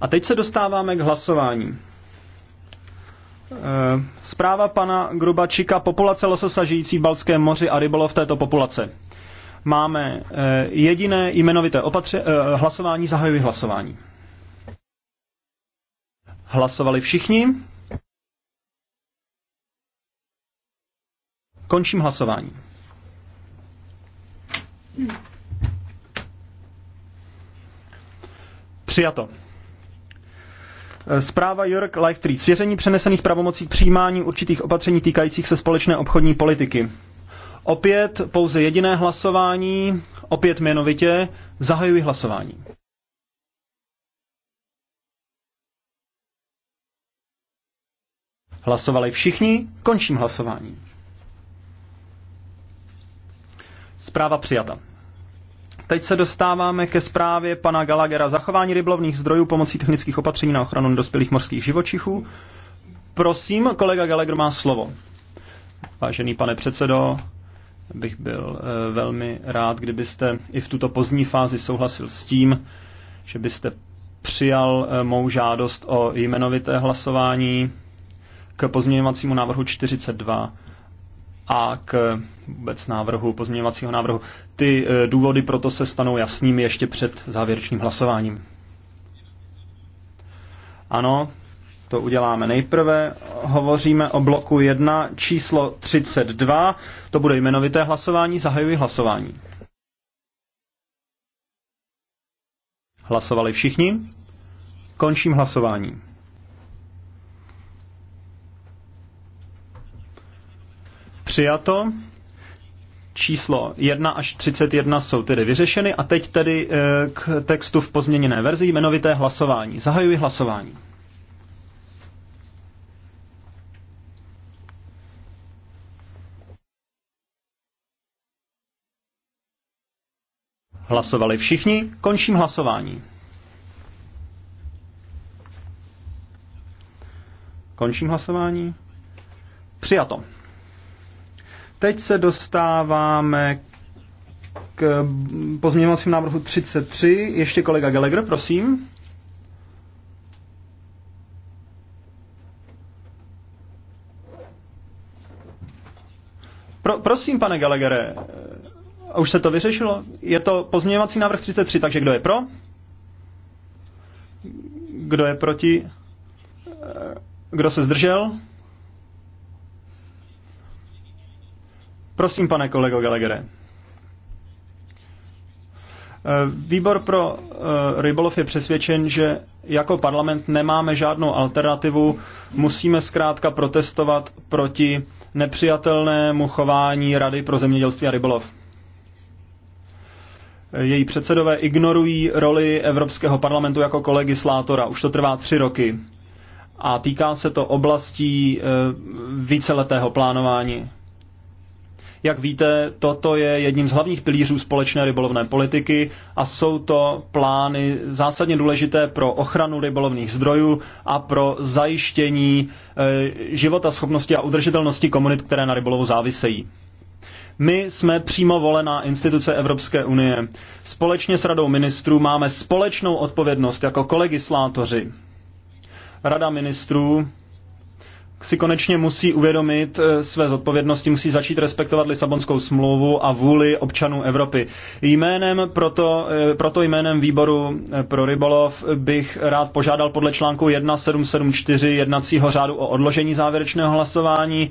A teď se dostáváme k hlasování. Eh, zpráva pana Grubačika, populace lososa žijící v balském moři a rybolov této populace. Máme eh, jediné jmenovité opatře- eh, hlasování, zahajuji hlasování. Hlasovali všichni. Končím hlasování. Přijato. Eh, zpráva Jörg Leichtfried. Svěření přenesených pravomocí k přijímání určitých opatření týkajících se společné obchodní politiky. Opět pouze jediné hlasování, opět jmenovitě, zahajuji hlasování. Hlasovali všichni, končím hlasování. Zpráva přijata. Teď se dostáváme ke zprávě pana Galagera. Zachování ryblovných zdrojů pomocí technických opatření na ochranu dospělých morských živočichů. Prosím, kolega Gallagher má slovo. Vážený pane předsedo, bych byl eh, velmi rád, kdybyste i v tuto pozdní fázi souhlasil s tím, že byste přijal eh, mou žádost o jmenovité hlasování k pozměňovacímu návrhu 42 a k vůbec návrhu, pozměňovacího návrhu. Ty e, důvody proto se stanou jasnými ještě před závěrečným hlasováním. Ano, to uděláme nejprve. Hovoříme o bloku 1 číslo 32. To bude jmenovité hlasování. Zahajuji hlasování. Hlasovali všichni? Končím hlasování. Přijato. Číslo 1 až 31 jsou tedy vyřešeny a teď tedy eh, k textu v pozměněné verzi jmenovité hlasování. Zahajuji hlasování. Hlasovali všichni, končím hlasování. Končím hlasování. Přijato. Teď se dostáváme k pozměňovacím návrhu 33. Ještě kolega Gallagher, prosím. Pro, prosím, pane Gallaghere, eh, už se to vyřešilo? Je to pozměňovací návrh 33, takže kdo je pro? Kdo je proti? Eh, kdo se zdržel? Prosím, pane kolego Gallagher. Eh, výbor pro eh, rybolov je přesvědčen, že jako parlament nemáme žádnou alternativu, musíme zkrátka protestovat proti nepřijatelnému chování Rady pro zemědělství a rybolov. Eh, její předsedové ignorují roli Evropského parlamentu jako kolegislátora. Už to trvá tři roky. A týká se to oblastí víceletého plánování. Jak víte, toto je jedním z hlavních pilířů společné rybolovné politiky a jsou to plány zásadně důležité pro ochranu rybolovných zdrojů a pro zajištění eh, života, schopnosti a udržitelnosti komunit, které na rybolovu závisejí. My jsme přímo volená instituce Evropské unie. Společně s Radou ministrů máme společnou odpovědnost jako kolegislátoři. Rada ministrů si konečně musí uvědomit eh, své zodpovědnosti, musí začít respektovat Lisabonskou smlouvu a vůli občanů Evropy. Jménem proto, eh, proto jménem výboru eh, pro rybolov bych rád požádal podle článku 1774 jednacího řádu o odložení závěrečného hlasování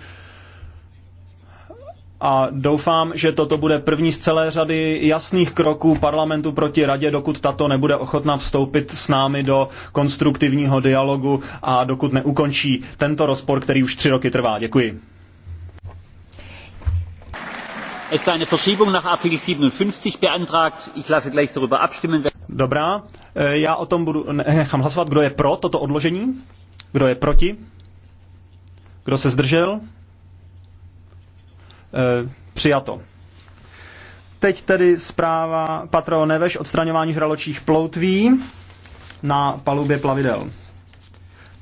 a doufám, že toto bude první z celé řady jasných kroků parlamentu proti radě, dokud tato nebude ochotná vstoupit s námi do konstruktivního dialogu a dokud neukončí tento rozpor, který už tři roky trvá. Děkuji. Es eine Verschiebung nach Artikel 57 beantragt. Ich lasse gleich darüber abstimmen. Dobrá, eh, já o tom budu nechám hlasovat. Kdo je pro toto odložení? Kdo je proti? Kdo se zdržel? Eh, přijato. Teď tedy zpráva Patro, Neveš odstraňování žraločích ploutví na palubě plavidel.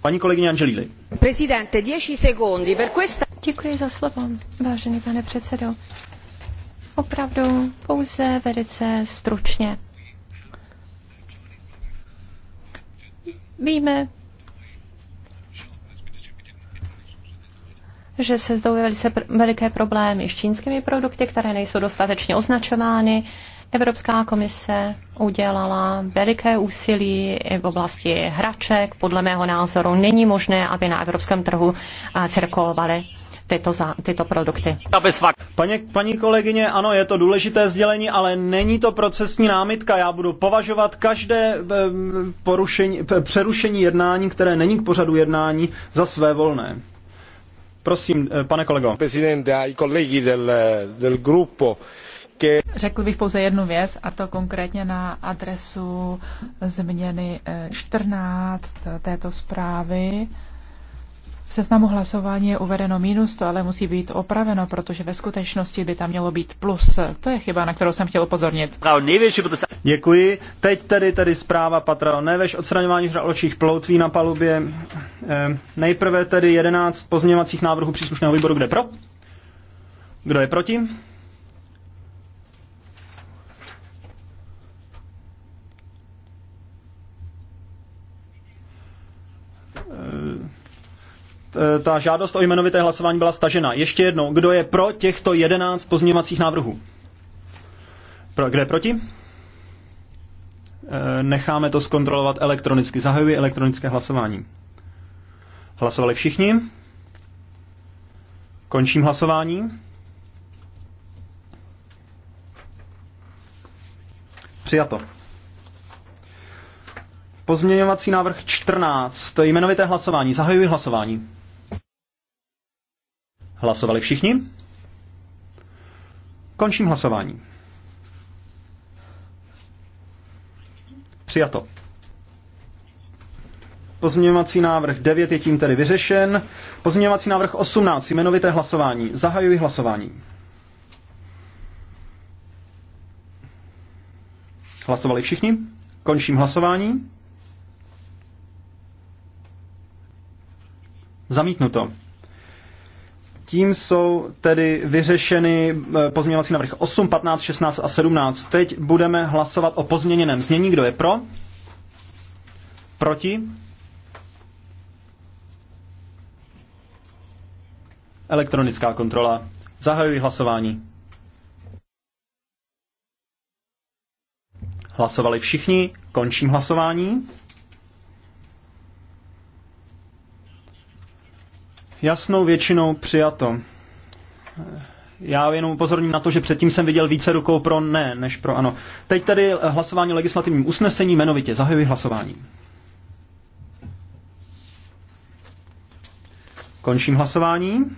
Paní kolegyně Angelili. Prezidente, 10 sekundy. Per questa... Děkuji za slovo, vážený pane předsedo. Opravdu pouze velice stručně. Víme, že se zdou velice veliké problémy s čínskými produkty, které nejsou dostatečně označovány. Evropská komise udělala veliké úsilí v oblasti hraček. Podle mého názoru není možné, aby na evropském trhu eh, cirkulovaly tyto, za, tyto produkty. Paně, paní kolegyně, ano, je to důležité sdělení, ale není to procesní námitka. Já budu považovat každé eh, porušení, eh, přerušení jednání, které není k pořadu jednání, za své volné. Prosím, eh, pane kolego. Řekl bych pouze jednu věc, a to konkrétně na adresu změny 14 eh, této zprávy. V seznamu hlasování je uvedeno minus, to ale musí být opraveno, protože ve skutečnosti by tam mělo být plus. To je chyba, na kterou jsem chtěl upozornit. Děkuji. Teď tady tady zpráva Patra Neveš, odstraňování hraločích ploutví na palubě. E, nejprve tedy 11 pozměňovacích návrhů příslušného výboru. Kde pro? Kdo je proti? Eh, ta žádost o jmenovité hlasování byla stažena. Ještě jednou, kdo je pro těchto 11 pozměňovacích návrhů? Pro, kde je proti? Eh, necháme to zkontrolovat elektronicky. Zahajuji elektronické hlasování. Hlasovali všichni? Končím hlasování. Přijato. Pozměňovací návrh 14. Jmenovité hlasování. Zahajuji hlasování. Hlasovali všichni? Končím hlasování. Přijato. Pozměňovací návrh 9 je tím tedy vyřešen. Pozměňovací návrh 18, jmenovité hlasování. Zahajuji hlasování. Hlasovali všichni? Končím hlasování. Zamítnuto. Tím jsou tedy vyřešeny eh, pozměňovací návrhy 8, 15, 16 a 17. Teď budeme hlasovat o pozměněném znění. Kdo je pro? Proti? Elektronická kontrola. Zahajuji hlasování. Hlasovali všichni, končím hlasování. jasnou většinou přijato. Já jenom upozorním na to, že předtím jsem viděl více rukou pro ne, než pro ano. Teď tedy hlasování o legislativním usnesení, jmenovitě zahajuji hlasování. Končím hlasování.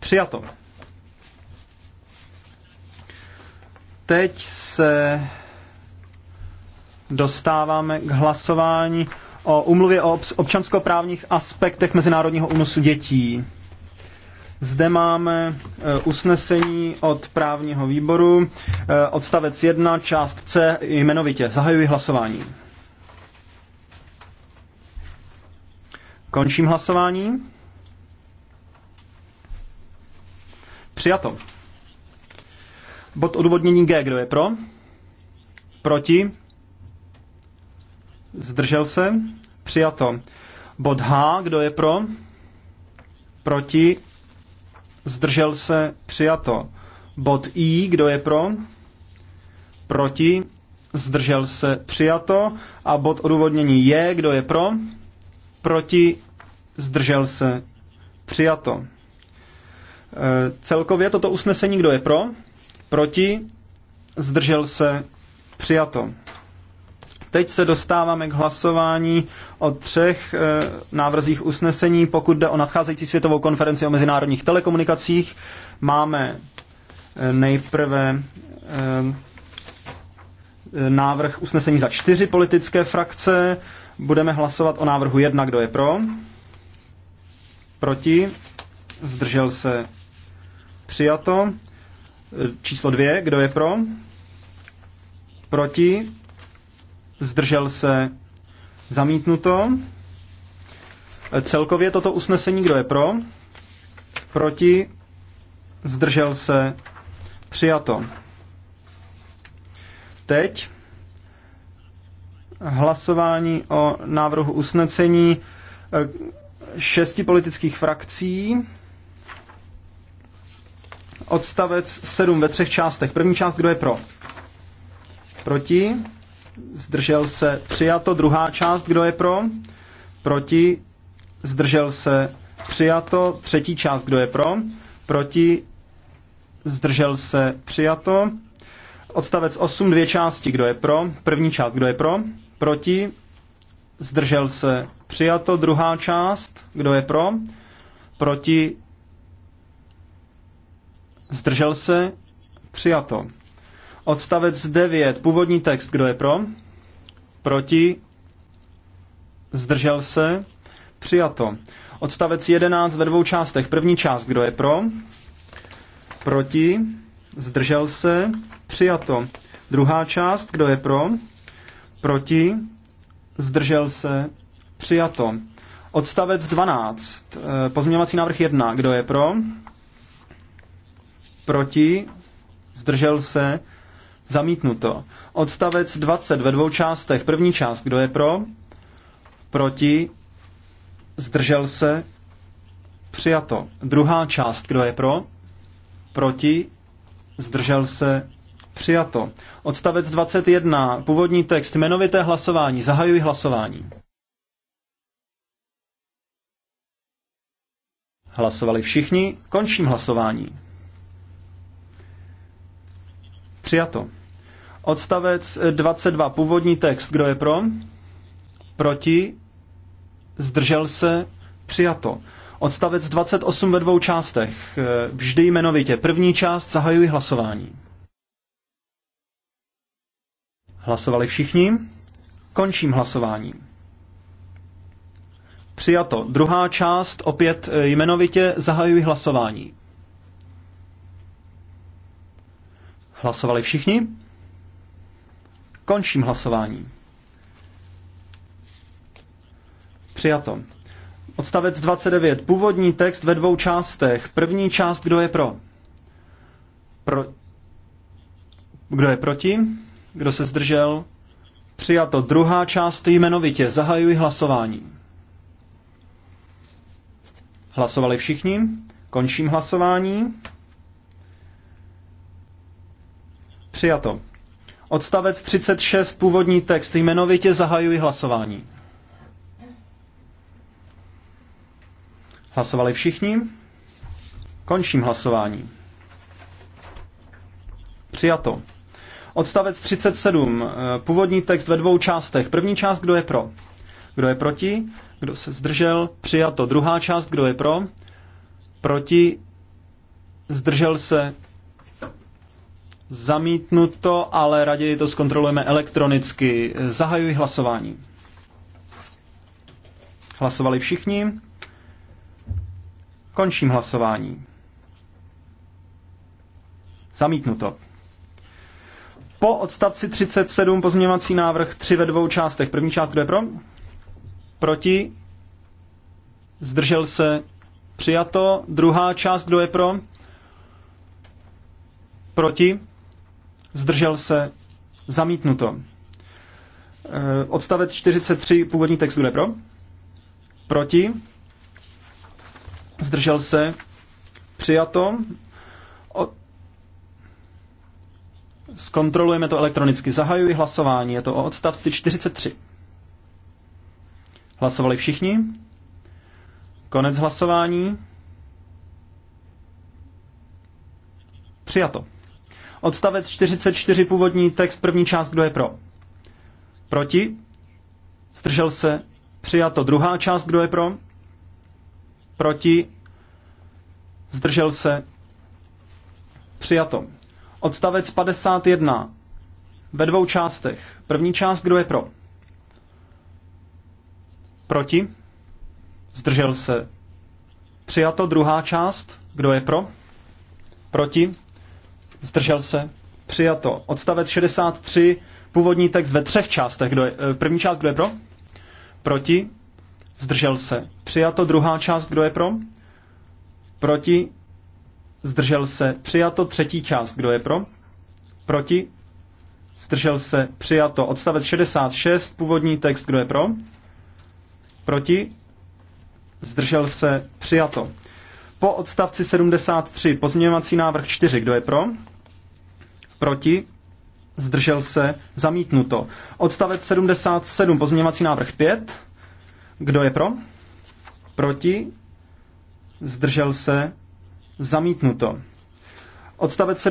Přijato. Teď se dostáváme k hlasování o umluvě o občanskoprávních aspektech mezinárodního únosu dětí. Zde máme e, usnesení od právního výboru, e, odstavec 1, část C, jmenovitě. Zahajuji hlasování. Končím hlasování. Přijato. Bod odvodnění G. Kdo je pro? Proti? Zdržel se? Přijato. Bod H, kdo je pro? Proti? Zdržel se? Přijato. Bod I, kdo je pro? Proti? Zdržel se? Přijato. A bod odůvodnění je, kdo je pro? Proti? Zdržel se? Přijato. E, celkově toto usnesení, kdo je pro? Proti? Zdržel se? Přijato. Teď se dostáváme k hlasování o třech e, návrzích usnesení. Pokud jde o nadcházející světovou konferenci o mezinárodních telekomunikacích, máme e, nejprve e, návrh usnesení za čtyři politické frakce. Budeme hlasovat o návrhu jedna, kdo je pro. Proti. Zdržel se. Přijato. Číslo dvě, kdo je pro? Proti zdržel se, zamítnuto. Celkově toto usnesení, kdo je pro, proti, zdržel se, přijato. Teď hlasování o návrhu usnesení eh, šesti politických frakcí. Odstavec 7 ve třech částech. První část, kdo je pro? Proti? zdržel se, přijato. Druhá část, kdo je pro, proti, zdržel se, přijato. Třetí část, kdo je pro, proti, zdržel se, přijato. Odstavec 8, dvě části, kdo je pro, první část, kdo je pro, proti, zdržel se, přijato. Druhá část, kdo je pro, proti, zdržel se, přijato. Odstavec 9. Původní text. Kdo je pro? Proti? Zdržel se? Přijato. Odstavec 11 ve dvou částech. První část. Kdo je pro? Proti? Zdržel se? Přijato. Druhá část. Kdo je pro? Proti? Zdržel se? Přijato. Odstavec 12. Eh, pozměňovací návrh 1. Kdo je pro? Proti? Zdržel se? Zamítnuto. Odstavec 20 ve dvou částech. První část, kdo je pro? Proti? Zdržel se? Přijato. Druhá část, kdo je pro? Proti? Zdržel se? Přijato. Odstavec 21. Původní text. Jmenovité hlasování. Zahajuji hlasování. Hlasovali všichni. Končím hlasování. Přijato. Odstavec 22, původní text, kdo je pro? Proti? Zdržel se? Přijato. Odstavec 28 ve dvou částech, vždy jmenovitě. První část zahajuji hlasování. Hlasovali všichni? Končím hlasování. Přijato. Druhá část opět jmenovitě zahajuji hlasování. Hlasovali všichni? Končím hlasování. Přijato. Odstavec 29. Původní text ve dvou částech. První část, kdo je pro? pro... Kdo je proti? Kdo se zdržel? Přijato. Druhá část jmenovitě. Zahajuji hlasování. Hlasovali všichni? Končím hlasování. Přijato. Odstavec 36, původní text. Jmenovitě zahajuji hlasování. Hlasovali všichni? Končím hlasování. Přijato. Odstavec 37. Původní text ve dvou částech. První část, kdo je pro? Kdo je proti? Kdo se zdržel? Přijato. Druhá část, kdo je pro? Proti? Zdržel se? Zamítnuto, ale raději to zkontrolujeme elektronicky. Zahajuji hlasování. Hlasovali všichni. Končím hlasování. Zamítnuto. Po odstavci 37 pozměňovací návrh 3 ve dvou částech. První část, kdo je pro? Proti? Zdržel se? Přijato. Druhá část, kdo je pro? Proti? zdržel se, zamítnuto. E, odstavec 43, původní text, bude pro? Proti, zdržel se, přijato. O... Zkontrolujeme to elektronicky. Zahajuji hlasování, je to o odstavci 43. Hlasovali všichni? Konec hlasování. Přijato. Odstavec 44 původní text, první část, kdo je pro? Proti? Zdržel se? Přijato. Druhá část, kdo je pro? Proti? Zdržel se? Přijato. Odstavec 51. Ve dvou částech. První část, kdo je pro? Proti? Zdržel se? Přijato. Druhá část, kdo je pro? Proti? Zdržel se? Přijato. Odstavec 63, původní text ve třech částech. Kdo je, eh, první část, kdo je pro? Proti? Zdržel se. Přijato. Druhá část, kdo je pro? Proti? Zdržel se. Přijato. Třetí část, kdo je pro? Proti? Zdržel se. Přijato. Odstavec 66, původní text, kdo je pro? Proti? Zdržel se. Přijato. Po odstavci 73 pozměňovací návrh 4. Kdo je pro? proti, zdržel se, zamítnuto. Odstavec 77, pozměňovací návrh 5, kdo je pro, proti, zdržel se, zamítnuto. Odstavec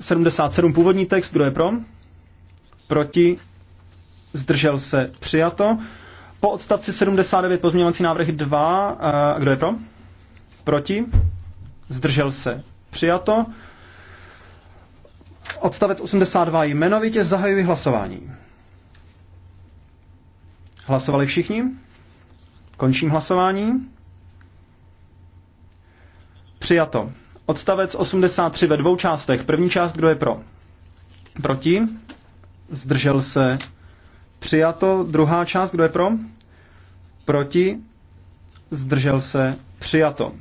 77, původní text, kdo je pro, proti, zdržel se, přijato. Po odstavci 79 pozměňovací návrh 2, eh, kdo je pro? Proti? Zdržel se. Přijato. Odstavec 82 jmenovitě zahajuji hlasování. Hlasovali všichni? Končím hlasování. Přijato. Odstavec 83 ve dvou částech. První část, kdo je pro? Proti? Zdržel se. Přijato. Druhá část, kdo je pro? Proti? Zdržel se. Přijato.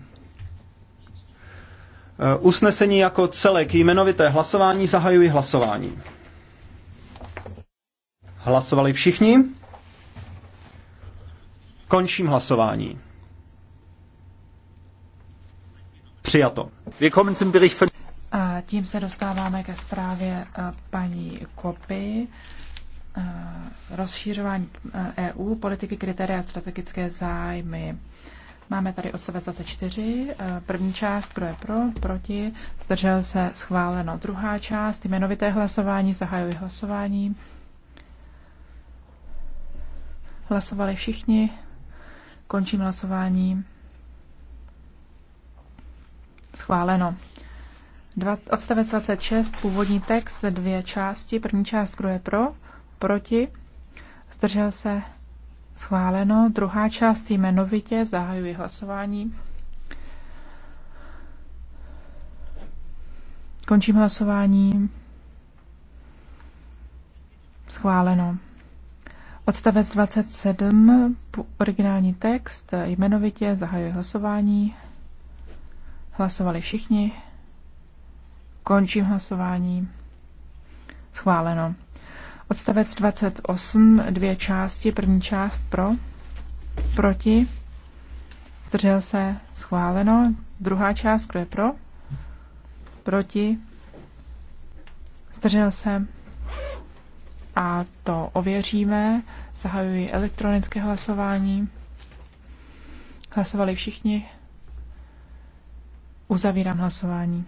Eh, usnesení jako celek jmenovité hlasování zahajuji hlasování. Hlasovali všichni? Končím hlasování. Přijato. A tím se dostáváme ke zprávě eh, paní Kopy. Eh, rozšířování EU, e politiky, kritéria a strategické zájmy. Máme tady odstavec eh, 24. První část, kdo je pro, proti, zdržel se, schváleno. Druhá část, jmenovité hlasování, zahajuji hlasování. Hlasovali všichni, končím hlasování. Schváleno. odstavec 26, původní text, dvě části. První část, kdo je pro, proti, zdržel se, Schváleno. Druhá část jmenovitě. Zahajuji hlasování. Končím hlasování. Schváleno. Odstavec 27, originální text, jmenovitě zahajuje hlasování. Hlasovali všichni. Končím hlasování. Schváleno. Odstavec 28, dvě části. První část pro, proti, zdržel se, schváleno. Druhá část, kdo je pro, proti, zdržel se. A to ověříme. Zahajuji elektronické hlasování. Hlasovali všichni. Uzavírám hlasování.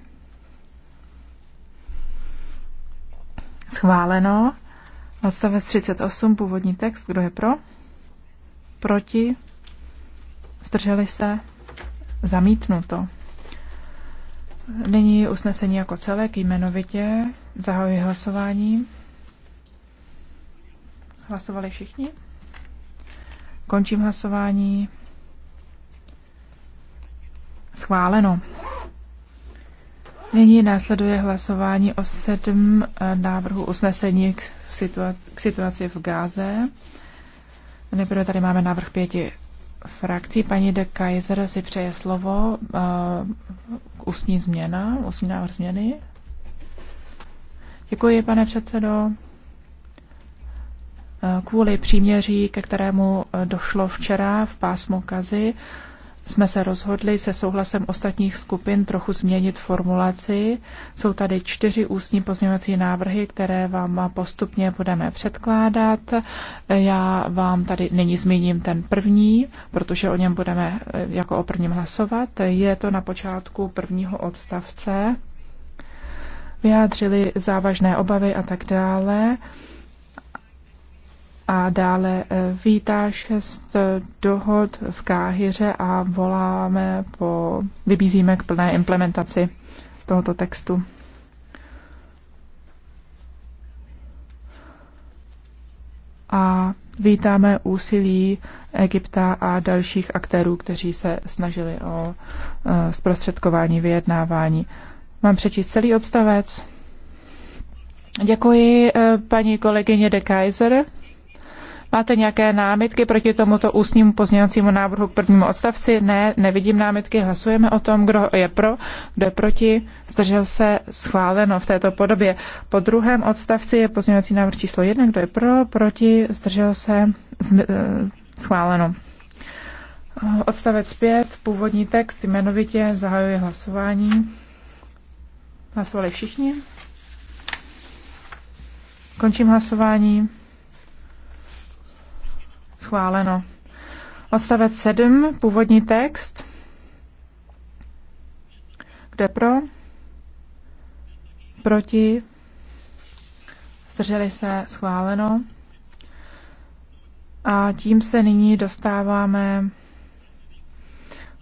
Schváleno. Odstavec 38, původní text, kdo je pro? Proti? Zdrželi se? Zamítnuto. Nyní usnesení jako celek jmenovitě. Zahajuji hlasování. Hlasovali všichni? Končím hlasování. Schváleno. Nyní následuje hlasování o sedm eh, návrhů usnesení k, situa- k situaci v Gáze. Nejprve tady máme návrh pěti frakcí. Paní de Kaiser si přeje slovo k eh, ústní změna, ústní návrh změny. Děkuji, pane předsedo. Eh, kvůli příměří, ke kterému došlo včera v pásmu Kazy, jsme se rozhodli se souhlasem ostatních skupin trochu změnit formulaci. Jsou tady čtyři ústní pozměňovací návrhy, které vám postupně budeme předkládat. Já vám tady nyní zmíním ten první, protože o něm budeme eh, jako o prvním hlasovat. Je to na počátku prvního odstavce. Vyjádřili závažné obavy a tak dále a dále eh, vítá šest dohod v Káhyře a voláme po, vybízíme k plné implementaci tohoto textu. A vítáme úsilí Egypta a dalších aktérů, kteří se snažili o eh, zprostředkování vyjednávání. Mám přečíst celý odstavec. Děkuji eh, paní kolegyně de Kaiser. Máte nějaké námitky proti tomuto ústnímu pozměňovacímu návrhu k prvnímu odstavci? Ne, nevidím námitky, hlasujeme o tom, kdo je pro, kdo je proti, zdržel se schváleno v této podobě. Po druhém odstavci je pozměňovací návrh číslo 1, kdo je pro, proti, zdržel se eh, schváleno. Odstavec 5, původní text, jmenovitě zahajuje hlasování. Hlasovali všichni. Končím hlasování. Schváleno. Odstavec 7, původní text. Kde pro? Proti? Zdrželi se? Schváleno. A tím se nyní dostáváme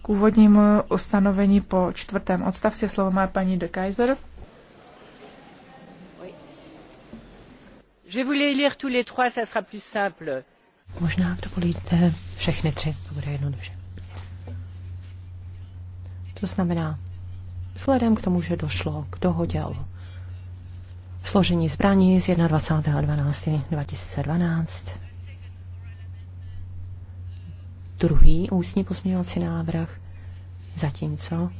k úvodnímu ustanovení po čtvrtém odstavci. Slovo má paní de Kaiser. Je les lire tous les trois, ça sera plus simple Možná, kdo volíte eh, všechny tři, to bude jednoduše. To znamená, vzhledem k tomu, že došlo k dohodě o složení zbraní z 21.12.2012, druhý ústní pozměňovací návrh, zatímco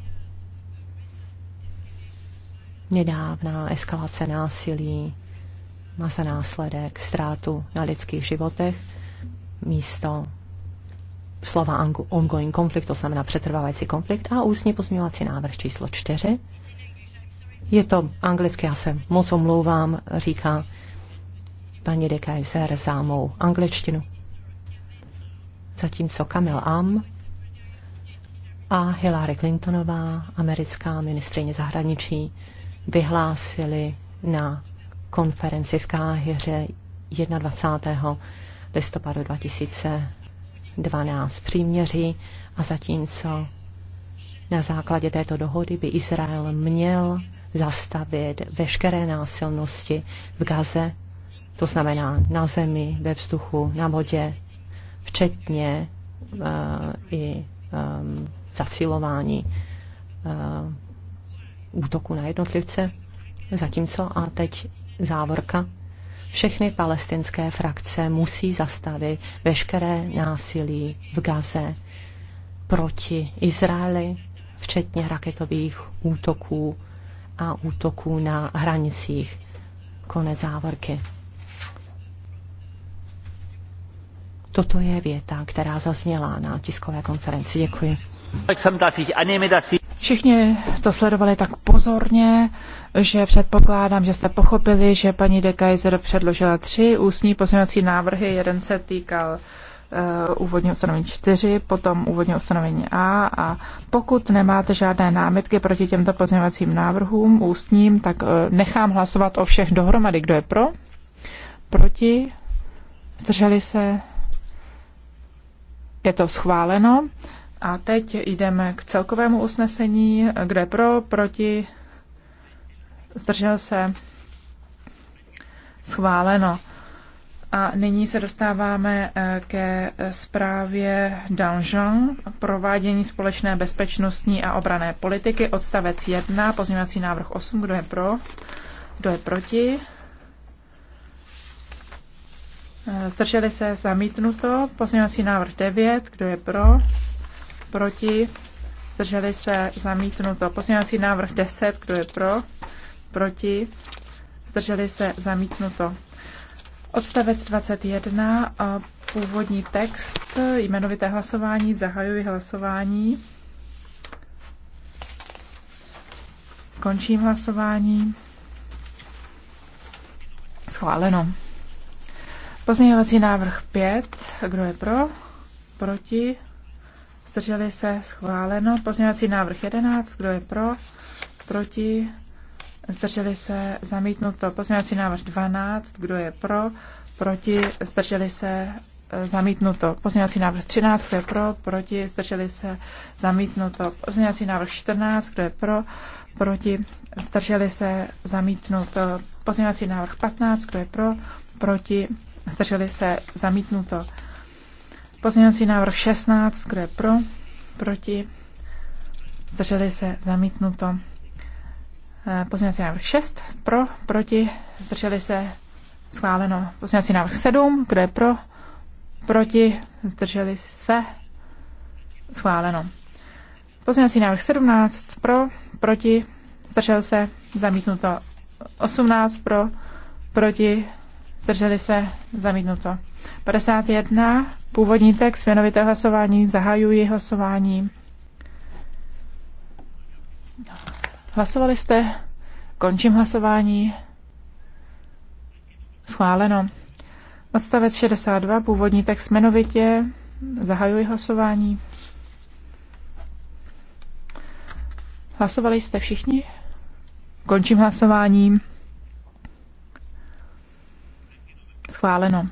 nedávná eskalace násilí má za následek ztrátu na lidských životech, místo slova ongoing konflikt, to znamená přetrvávající konflikt a ústní pozměňovací návrh číslo 4. Je to anglicky, já se moc omlouvám, říká paní de Kaiser za mou angličtinu. Zatímco Kamil Am a Hillary Clintonová, americká ministrině zahraničí, vyhlásili na konferenci v Káhyře 21 listopadu 2012 příměří a zatímco na základě této dohody by Izrael měl zastavit veškeré násilnosti v Gaze, to znamená na zemi, ve vzduchu, na vodě, včetně uh, i um, zacilování uh, útoku na jednotlivce. Zatímco a teď závorka všechny palestinské frakce musí zastavit veškeré násilí v Gaze proti Izraeli, včetně raketových útoků a útoků na hranicích. Konec závorky. Toto je věta, která zazněla na tiskové konferenci. Děkuji. Všichni to sledovali tak pozorně, že předpokládám, že jste pochopili, že paní de Kaiser předložila tři ústní pozměňovací návrhy. Jeden se týkal uh, úvodního ustanovení 4, potom úvodního ustanovení A a pokud nemáte žádné námitky proti těmto pozměňovacím návrhům ústním, tak uh, nechám hlasovat o všech dohromady. Kdo je pro? Proti? Zdrželi se? Je to schváleno. A teď jdeme k celkovému usnesení, kde pro, proti, zdržel se, schváleno. A nyní se dostáváme eh, ke zprávě Danjean, provádění společné bezpečnostní a obrané politiky, odstavec 1, pozměňovací návrh 8, kdo je pro, kdo je proti. Eh, zdrželi se zamítnuto, pozměňovací návrh 9, kdo je pro, proti, zdrželi se zamítnuto. Pozměňovací návrh 10, kdo je pro, proti, zdrželi se zamítnuto. Odstavec 21, původní text, jmenovité hlasování, zahajuji hlasování. Končím hlasování. Schváleno. Pozměňovací návrh 5. Kdo je pro? Proti? Zdrželi se schváleno. Pozměňovací návrh 11. Kdo je pro? Proti? Zdrželi se zamítnuto. Pozměňovací návrh 12. Kdo je pro? Proti? Zdrželi se zamítnuto. Pozměňovací návrh 13, kdo je pro, proti, zdrželi se, zamítnuto. Pozměňovací návrh 14, kdo je pro, proti, zdrželi se, zamítnuto. Pozměňovací návrh 15, kdo je pro, proti, zdrželi se, zamítnuto. Pozměňovací návrh 16, kdo je pro, proti, zdrželi se, zamítnuto. Eh, pozměňovací návrh 6, pro, proti, zdrželi se, schváleno. Pozměňovací návrh 7, kdo je pro, proti, zdrželi se, schváleno. Pozměňovací návrh 17, pro, proti, zdržel se, zamítnuto. 18 pro, proti, zdrželi se, zamítnuto. 51, původní text, věnovité hlasování, zahajuji hlasování. Hlasovali jste, končím hlasování. Schváleno. Odstavec 62, původní text jmenovitě, zahajuji hlasování. Hlasovali jste všichni? Končím hlasováním. Schváleno.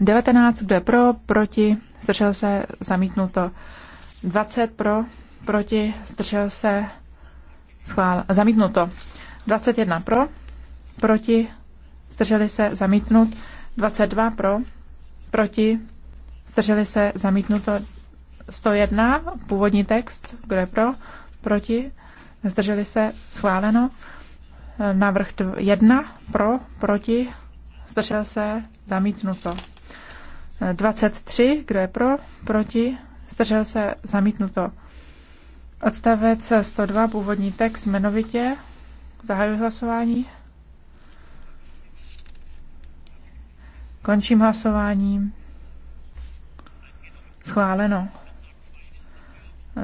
19, kdo je pro, proti, zdržel se, zamítnuto. 20 pro, proti, zdržel se, schvál, zamítnuto. 21 pro, proti, zdrželi se, zamítnut. 22 pro, proti, zdrželi se, zamítnuto. 101, původní text, kdo je pro, proti, zdrželi se, schváleno. Návrh 1 pro, proti, zdržel se, zamítnuto. 23, kdo je pro, proti, zdržel se, zamítnuto. Odstavec 102, původní text, jmenovitě, zahajuji hlasování. Končím hlasování. Schváleno.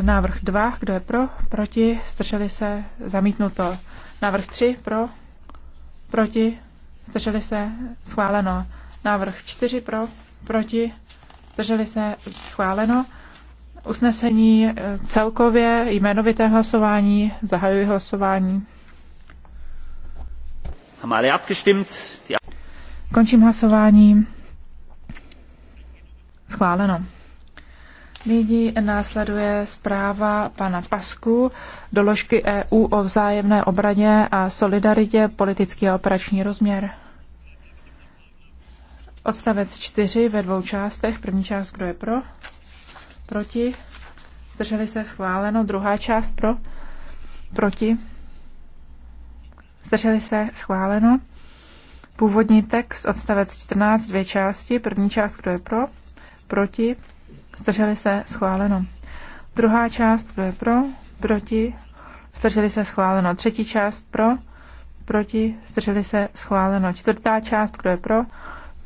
Návrh 2, kdo je pro, proti, zdrželi se, zamítnuto. Návrh 3, pro, proti, zdrželi se, schváleno. Návrh 4 pro, proti, zdrželi se, schváleno. Usnesení eh, celkově, jmenovité hlasování, zahajuji hlasování. Končím hlasování. Schváleno. Nyní následuje zpráva pana Pasku, doložky EU o vzájemné obraně a solidaritě, politický a operační rozměr. Odstavec 4 ve dvou částech. První část, kdo je pro? Proti? Zdrželi se schváleno. Druhá část pro? Proti? Zdrželi se schváleno. Původní text, odstavec 14, dvě části. První část, kdo je pro? Proti? Zdrželi se schváleno. Druhá část, kdo je pro? Proti? Zdrželi se schváleno. Třetí část pro? Proti? Zdrželi se schváleno. Čtvrtá část, kdo je pro?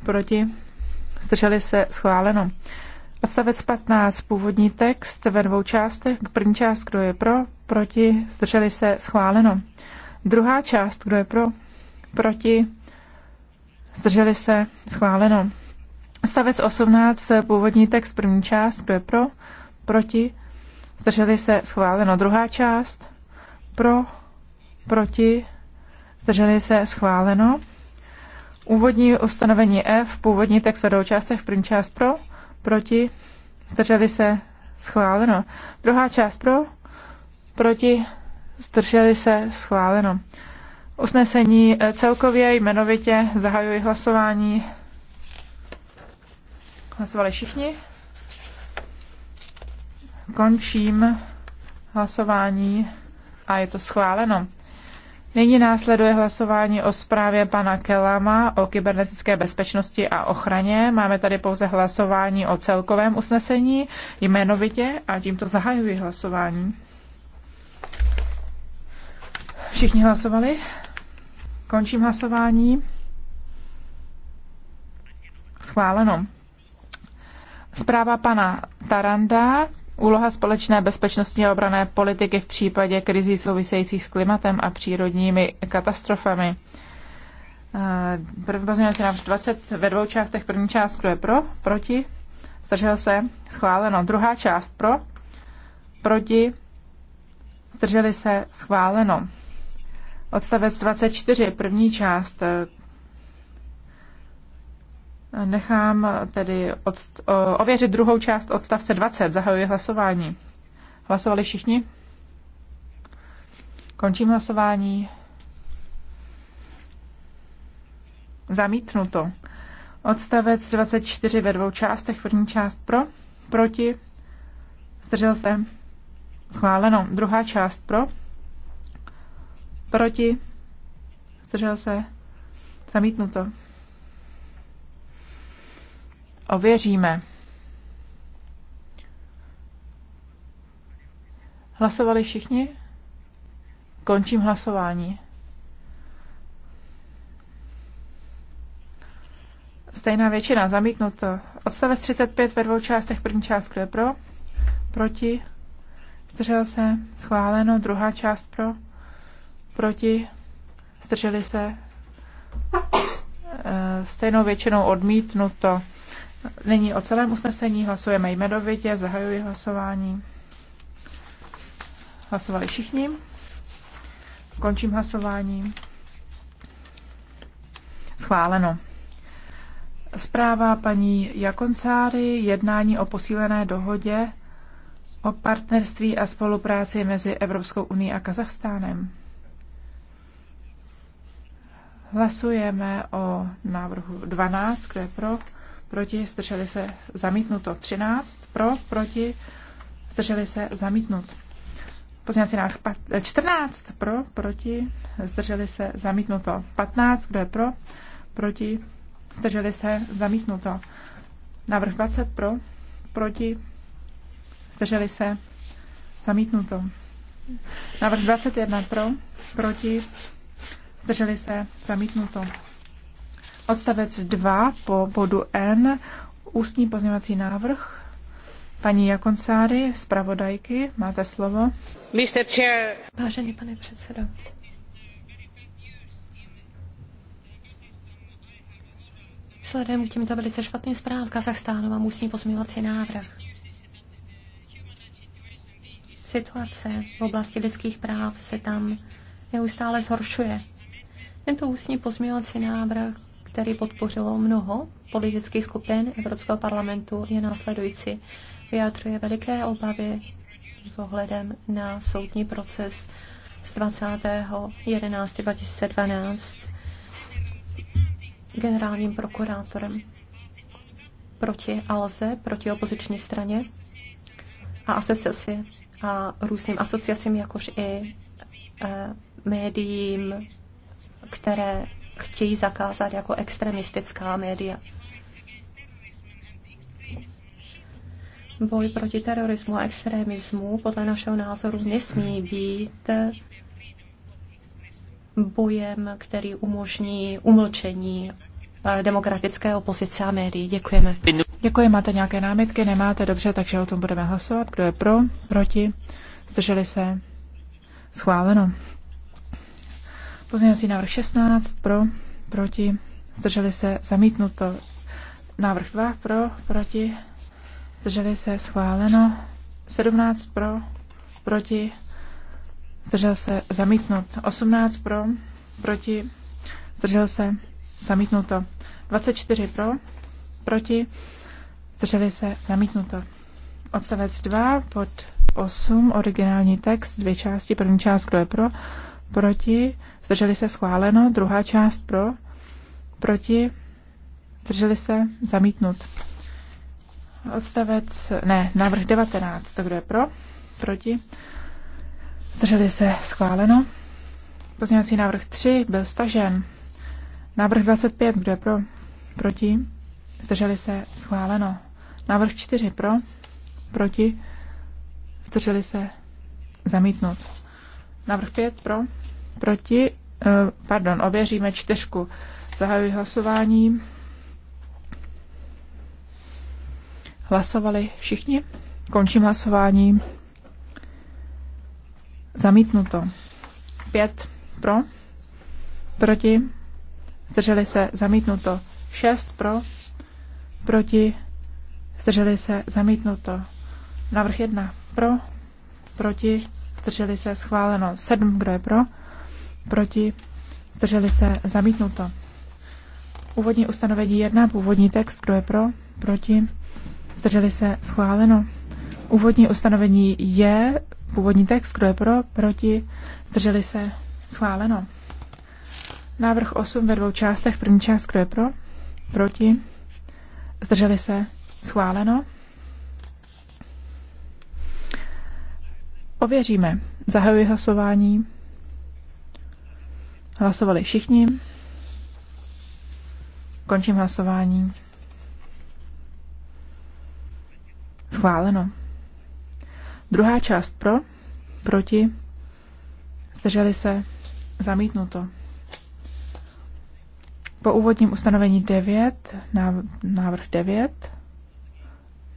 Proti? Zdrželi se schváleno. Odstavec 15, původní text ve dvou částech. První část, kdo je pro? Proti? Zdrželi se schváleno. Druhá část, kdo je pro? Proti? Zdrželi se schváleno. Stavec 18, eh, původní text, první část, kdo je pro, proti, zdrželi se, schváleno. Druhá část, pro, proti, zdrželi se, schváleno. Úvodní ustanovení F, původní text ve dvou částech, první část pro, proti, zdrželi se, schváleno. Druhá část pro, proti, zdrželi se, schváleno. Usnesení eh, celkově jmenovitě zahajuji hlasování. Hlasovali všichni? Končím hlasování a je to schváleno. Nyní následuje hlasování o zprávě pana Kelama o kybernetické bezpečnosti a ochraně. Máme tady pouze hlasování o celkovém usnesení jmenovitě a tímto zahajuji hlasování. Všichni hlasovali? Končím hlasování. Schváleno. Zpráva pana Taranda, úloha společné bezpečnostní a obrané politiky v případě krizí souvisejících s klimatem a přírodními katastrofami. První eh, pozměňovací návrh 20 ve dvou částech. První část, kdo je pro, proti, zdržel se, schváleno. Druhá část pro, proti, zdrželi se, schváleno. Odstavec 24, první část, eh, Nechám tedy ověřit druhou část odstavce 20. Zahajuji hlasování. Hlasovali všichni? Končím hlasování. Zamítnuto. Odstavec 24 ve dvou částech. První část pro, proti, zdržel se. Schváleno. Druhá část pro, proti, zdržel se. Zamítnuto ověříme. Hlasovali všichni? Končím hlasování. Stejná většina, zamítnuto. Odstavec 35 ve dvou částech, první část, kdo je pro? Proti? Zdržel se? Schváleno. Druhá část pro? Proti? Zdrželi se? Eh, stejnou většinou odmítnuto. Nyní o celém usnesení hlasujeme jmenovitě, zahajuji hlasování. Hlasovali všichni. Končím hlasování. Schváleno. Zpráva paní Jakoncáry, jednání o posílené dohodě o partnerství a spolupráci mezi Evropskou unii a Kazachstánem. Hlasujeme o návrhu 12, kdo je pro, proti, zdrželi se zamítnuto. 13 pro, proti, zdrželi se zamítnut. Pozměňovací návrh 14 eh, pro, proti, zdrželi se zamítnuto. 15, kdo je pro, proti, zdrželi se zamítnuto. Návrh 20 pro, proti, zdrželi se zamítnuto. Návrh 21 pro, proti, zdrželi se zamítnuto. Odstavec 2 po bodu N, ústní pozměvací návrh. Paní Jakoncáry, zpravodajky, máte slovo. Mr. Chair. Vážený pane předsedo. Vzhledem k těmto velice špatným zpráv Kazachstánu vám ústní pozměňovací návrh. Situace v oblasti lidských práv se tam neustále zhoršuje. Tento ústní pozměňovací návrh který podpořilo mnoho politických skupin Evropského parlamentu, je následující. Vyjadřuje veliké obavy s ohledem na soudní proces z 20.11.2012 generálním prokurátorem proti Alze, proti opoziční straně a asociaci a různým asociacím, jakož i e, médiím, které chtějí zakázat jako extremistická média. Boj proti terorismu a extremismu podle našeho názoru nesmí být bojem, který umožní umlčení eh, demokratické opozice a médií. Děkujeme. Děkuji, máte nějaké námitky? Nemáte, dobře, takže o tom budeme hlasovat. Kdo je pro, proti, zdrželi se? Schváleno. Pozměňovací návrh 16 pro, proti, zdrželi se, zamítnuto. Návrh 2 pro, proti, zdrželi se, schváleno. 17 pro, proti, zdržel se, zamítnut. 18 pro, proti, zdržel se, zamítnuto. 24 pro, proti, zdrželi se, zamítnuto. Odstavec 2 pod 8, originální text, dvě části, první část, kdo je pro, proti, zdrželi se schváleno, druhá část pro, proti, zdrželi se zamítnut. Odstavec, ne, návrh 19, to kdo je pro, proti, zdrželi se schváleno. Pozměňovací návrh 3 byl stažen. Návrh 25, kdo je pro, proti, zdrželi se schváleno. Návrh 4 pro, proti, zdrželi se zamítnut. Návrh 5 pro, proti, eh, pardon, ověříme čtyřku. Zahajuji hlasování. Hlasovali všichni? Končím hlasování. Zamítnuto. Pět pro, proti, zdrželi se, zamítnuto. Šest pro, proti, zdrželi se, zamítnuto. Navrh jedna pro, proti, zdrželi se, schváleno. Sedm, kdo je pro? proti, zdrželi se, zamítnuto. Úvodní ustanovení 1, původní text, kdo je pro, proti, zdrželi se, schváleno. Úvodní ustanovení je, původní text, kdo je pro, proti, zdrželi se, schváleno. Návrh 8 ve dvou částech, první část, kdo je pro, proti, zdrželi se, schváleno. Ověříme. Zahajuji hlasování. Hlasovali všichni. Končím hlasování. Schváleno. Druhá část pro, proti, zdrželi se, zamítnuto. Po úvodním ustanovení 9, návrh 9,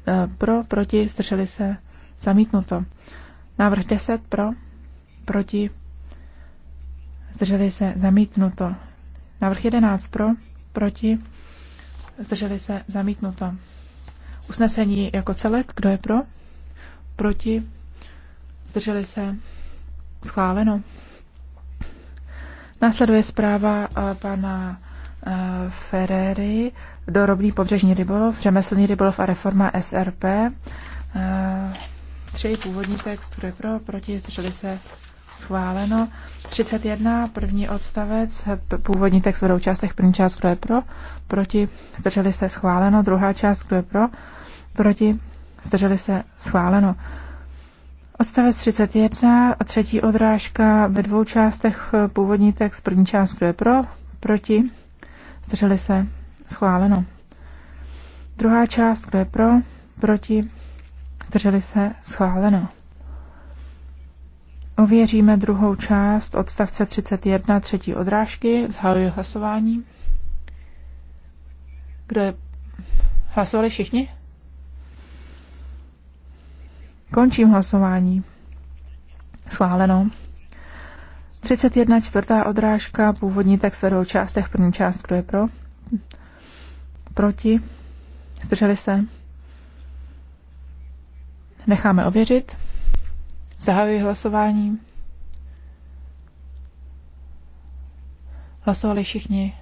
eh, pro, proti, zdrželi se, zamítnuto. Návrh 10 pro, proti, zdrželi se, zamítnuto. Návrh 11 pro, proti, zdrželi se, zamítnuto. Usnesení jako celek, kdo je pro, proti, zdrželi se, schváleno. Následuje zpráva eh, pana eh, Ferrery, dorobný pobřežní rybolov, řemeslný rybolov a reforma SRP. Eh, tři původní text, kdo je pro, proti, zdrželi se, Schváleno. 31. První odstavec. Původní text v dvou částech. První část, kdo je pro. Proti. Zdrželi se. Schváleno. Druhá část, kdo je pro. Proti. Zdrželi se. Schváleno. Odstavec 31. A třetí odrážka ve dvou částech. Původní text. První část, kdo je pro. Proti. Zdrželi se. Schváleno. Druhá část, kdo je pro. Proti. Zdrželi se. Schváleno. Ověříme druhou část odstavce 31 třetí odrážky. Zahajuji hlasování. Kdo je... Hlasovali všichni? Končím hlasování. Schváleno. 31. čtvrtá odrážka, původní text ve dvou částech. První část, kdo je pro? Proti? Zdrželi se? Necháme ověřit. Zahajuji hlasování. Hlasovali všichni.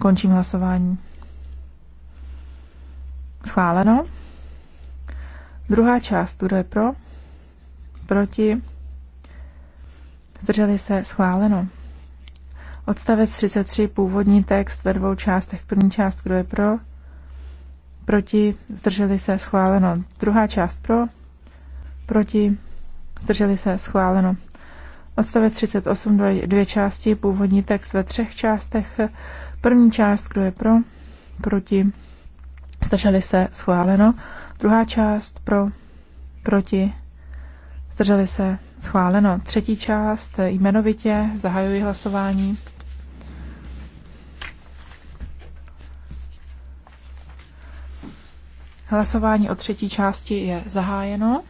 Končím hlasování. Schváleno. Druhá část, kdo je pro? Proti? Zdrželi se schváleno. Odstavec 33, původní text ve dvou částech. První část, kdo je pro? Proti? Zdrželi se schváleno. Druhá část pro? proti, zdrželi se, schváleno. Odstavec 38, dvě, dvě části, původní text ve třech částech. První část, kdo je pro, proti, zdrželi se, schváleno. Druhá část, pro, proti, zdrželi se, schváleno. Třetí část, jmenovitě, zahajuji hlasování. Hlasování o třetí části je zahájeno.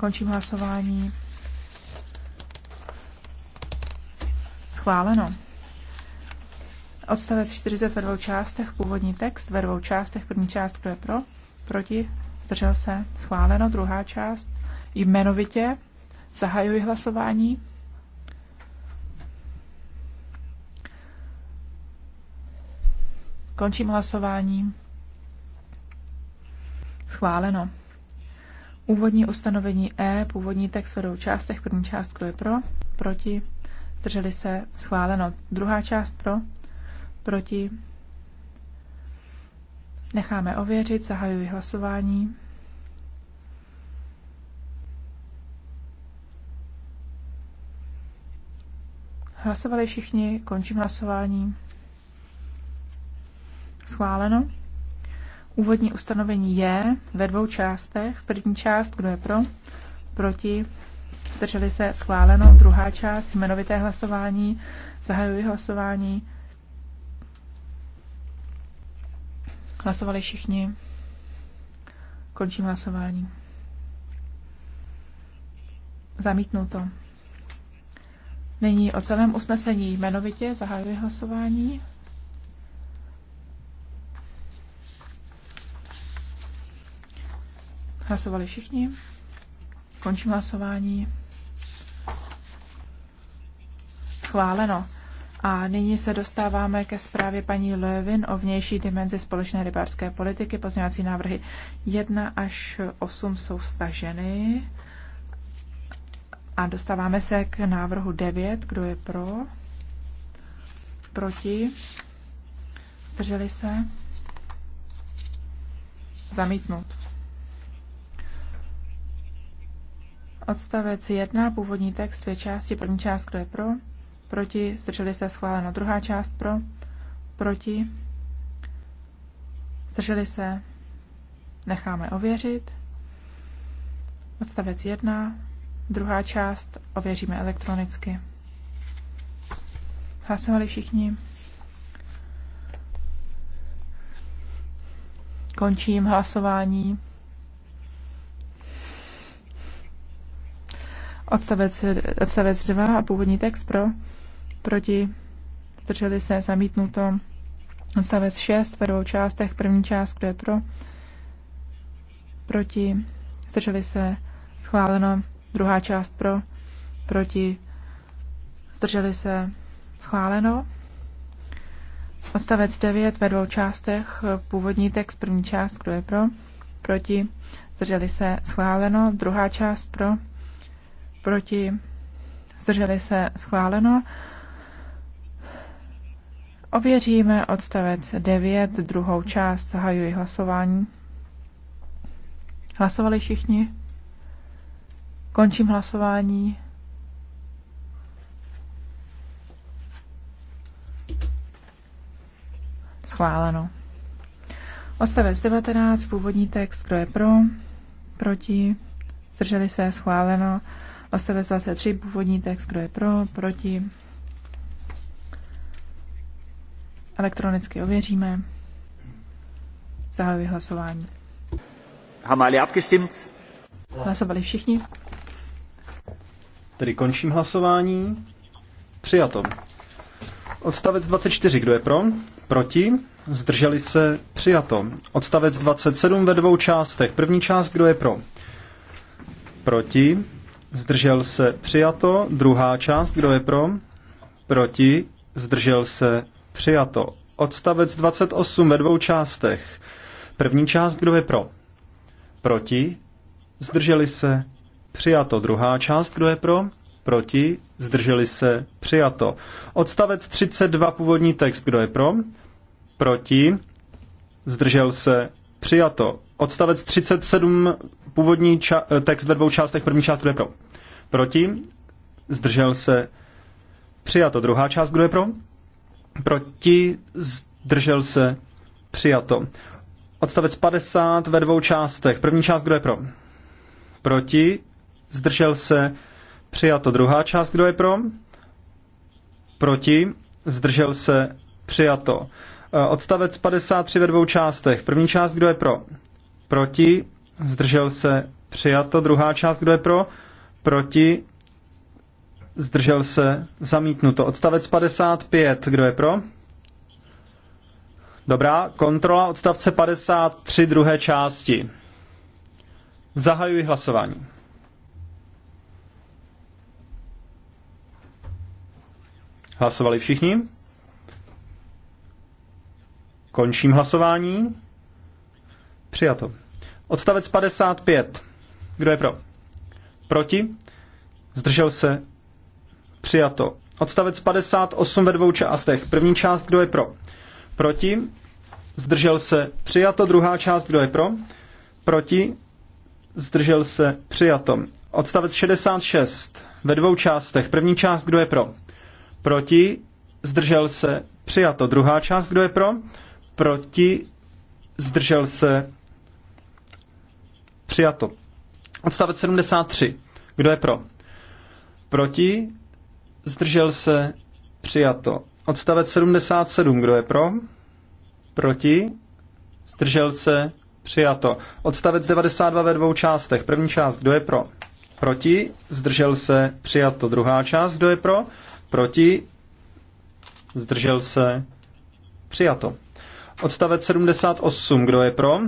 Končím hlasování. Schváleno. Odstavec 40 ve dvou částech, původní text ve dvou částech, první část, kdo je pro, proti, zdržel se, schváleno, druhá část, jmenovitě, zahajuji hlasování. Končím hlasování. Schváleno. Úvodní ustanovení E, původní text vedou částech. První část, kdo je pro, proti, zdrželi se, schváleno. Druhá část pro, proti, necháme ověřit, zahajuji hlasování. Hlasovali všichni, končím hlasování. Schváleno. Úvodní ustanovení je ve dvou částech. První část, kdo je pro, proti, zdrželi se schváleno. Druhá část, jmenovité hlasování, zahajuji hlasování. Hlasovali všichni. Končím hlasování. Zamítnuto. Nyní o celém usnesení jmenovitě zahajuji hlasování. Hlasovali všichni. Končím hlasování. Schváleno. A nyní se dostáváme ke zprávě paní Levin o vnější dimenzi společné rybářské politiky. Pozměňovací návrhy 1 až 8 jsou staženy. A dostáváme se k návrhu 9. Kdo je pro? Proti? Zdrželi se? Zamítnut. Odstavec 1, původní text, dvě části. První část, kdo je pro? Proti. Zdrželi se schváleno. Druhá část pro? Proti. Zdrželi se. Necháme ověřit. Odstavec 1. Druhá část ověříme elektronicky. Hlasovali všichni. Končím hlasování. Odstavec, odstavec 2 a původní text pro, proti, zdrželi se, zamítnuto. Odstavec 6 ve dvou částech, první část, kdo je pro, proti, zdrželi se, schváleno. Druhá část pro, proti, zdrželi se, schváleno. Odstavec 9 ve dvou částech, původní text, první část, kdo je pro, proti, zdrželi se, schváleno. Druhá část pro, proti, zdrželi se schváleno. Ověříme odstavec 9, druhou část, zahajuji hlasování. Hlasovali všichni? Končím hlasování. Schváleno. Odstavec 19, původní text, kdo je pro, proti, zdrželi se, schváleno. Odstavec tři původní text, kdo je pro, proti. Elektronicky ověříme. Zahajuji hlasování. Hlasovali všichni. Tedy končím hlasování. Přijato. Odstavec 24, kdo je pro? Proti? Zdrželi se? Přijato. Odstavec 27 ve dvou částech. První část, kdo je pro? Proti? Zdržel se přijato. Druhá část, kdo je pro? Proti. Zdržel se přijato. Odstavec 28 ve dvou částech. První část, kdo je pro? Proti. Zdrželi se přijato. Druhá část, kdo je pro? Proti. Zdrželi se přijato. Odstavec 32 původní text, kdo je pro? Proti. Zdržel se přijato. Odstavec 37, původní ča- eh, text ve dvou částech, první část, kdo je pro? Proti? Zdržel se? Přijato. Druhá část, kdo je pro? Proti? Zdržel se? Přijato. Odstavec 50 ve dvou částech. První část, kdo je pro? Proti? Zdržel se? Přijato. Druhá část, kdo je pro? Proti? Zdržel se? Přijato. Eh, odstavec 53 ve dvou částech. První část, kdo je pro? proti, zdržel se, přijato. Druhá část, kdo je pro, proti, zdržel se, zamítnuto. Odstavec 55, kdo je pro? Dobrá, kontrola odstavce 53 druhé části. Zahajuji hlasování. Hlasovali všichni? Končím hlasování. Přijato. Odstavec 55. Kdo je pro? Proti? Zdržel se? Přijato. Odstavec 58 ve dvou částech. První část, kdo je pro? Proti? Zdržel se? Přijato. Druhá část, kdo je pro? Proti? Zdržel se? Přijato. Odstavec 66 ve dvou částech. První část, kdo je pro? Proti? Zdržel se? Přijato. Druhá část, kdo je pro? Proti? Zdržel se? Přijato. Odstavec 73. Kdo je pro? Proti? Zdržel se? Přijato. Odstavec 77. Kdo je pro? Proti? Zdržel se? Přijato. Odstavec 92 ve dvou částech. První část. Kdo je pro? Proti? Zdržel se? Přijato. Druhá část. Kdo je pro? Proti? Zdržel se? Přijato. Odstavec 78. Kdo je pro?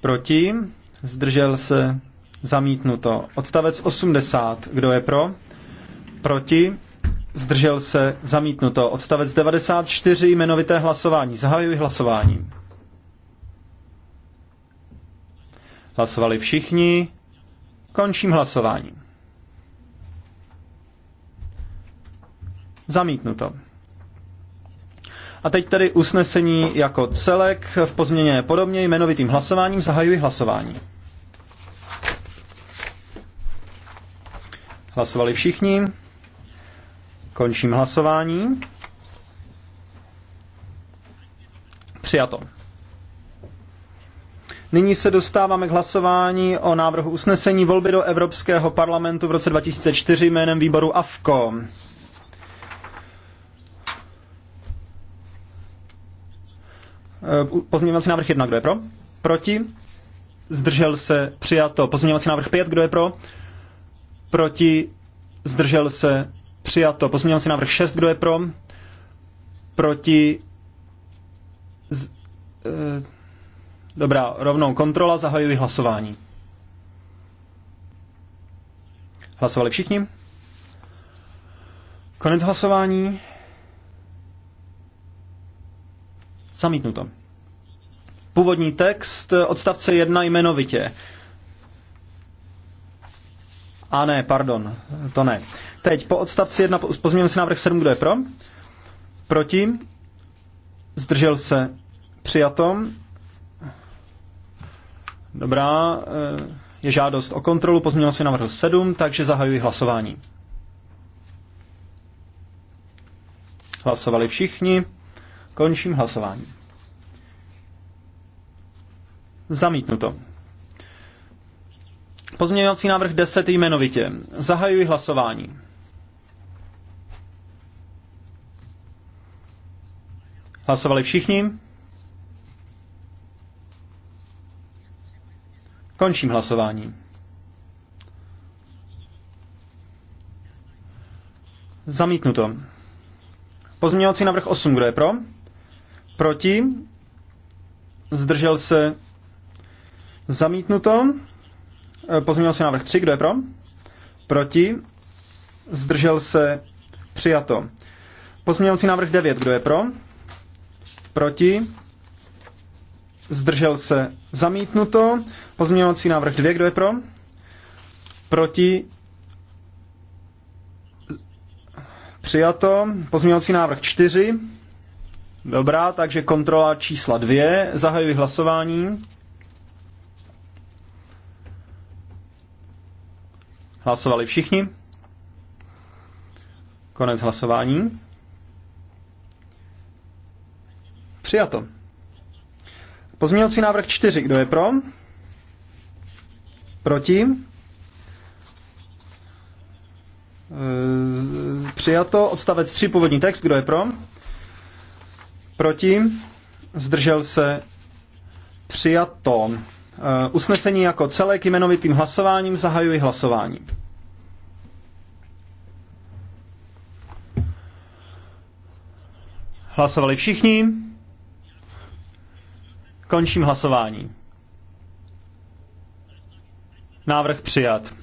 Proti? Zdržel se? Zamítnuto. Odstavec 80. Kdo je pro? Proti? Zdržel se? Zamítnuto. Odstavec 94. Jmenovité hlasování. Zahajuji hlasování. Hlasovali všichni. Končím hlasování. Zamítnuto. A teď tedy usnesení jako celek v pozměněné podobně jmenovitým hlasováním zahajuji hlasování. Hlasovali všichni. Končím hlasování. Přijato. Nyní se dostáváme k hlasování o návrhu usnesení volby do Evropského parlamentu v roce 2004 jménem výboru AFKO. Eh, pozměňovací návrh 1, kdo je pro? Proti? Zdržel se? Přijato. Pozměňovací návrh 5, kdo je pro? Proti? Zdržel se? Přijato. Pozměňovací návrh 6, kdo je pro? Proti? Z... Eh, dobrá, rovnou kontrola, zahajuji hlasování. Hlasovali všichni? Konec hlasování. Zamítnuto. Původní text eh, odstavce 1 jmenovitě. A ne, pardon, to ne. Teď po odstavci 1 pozměňujeme si návrh 7, kdo je pro? Proti? Zdržel se? Přijato? Dobrá, eh, je žádost o kontrolu pozměnil si návrh 7, takže zahajuji hlasování. Hlasovali všichni. Končím hlasování. Zamítnuto. Pozměňovací návrh 10 jmenovitě. Zahajuji hlasování. Hlasovali všichni? Končím hlasování. Zamítnuto. Pozměňovací návrh 8, kdo je pro? Proti? Zdržel se? Zamítnuto. se návrh 3. Kdo je pro? Proti? Zdržel se? Přijato. Pozměňovací návrh 9. Kdo je pro? Proti? Zdržel se? Zamítnuto. Pozměňovací návrh 2. Kdo je pro? Proti? Přijato. Pozměňovací návrh 4. Dobrá, takže kontrola čísla dvě. Zahajuji hlasování. Hlasovali všichni. Konec hlasování. Přijato. Pozměňovací návrh 4. Kdo je pro? Proti? E, přijato. Odstavec 3. Původní text. Kdo je pro? Proti? Zdržel se? Přijato. E, usnesení jako celek jmenovitým hlasováním zahajuji hlasování. Hlasovali všichni. Končím hlasování. Návrh přijat.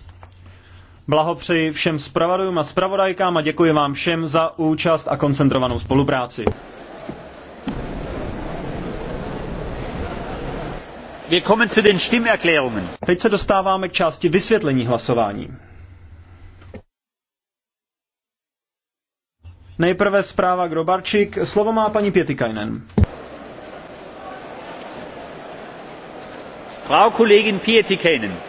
Blahopřeji všem zpravodajům a zpravodajkám a děkuji vám všem za účast a koncentrovanou spolupráci. Wir kommen zu den Stimmerklärungen. Teď se dostáváme k části vysvětlení hlasování. Nejprve zpráva Grobarčík. Slovo má paní Pietikainen. Frau Kollegin Pietikainen.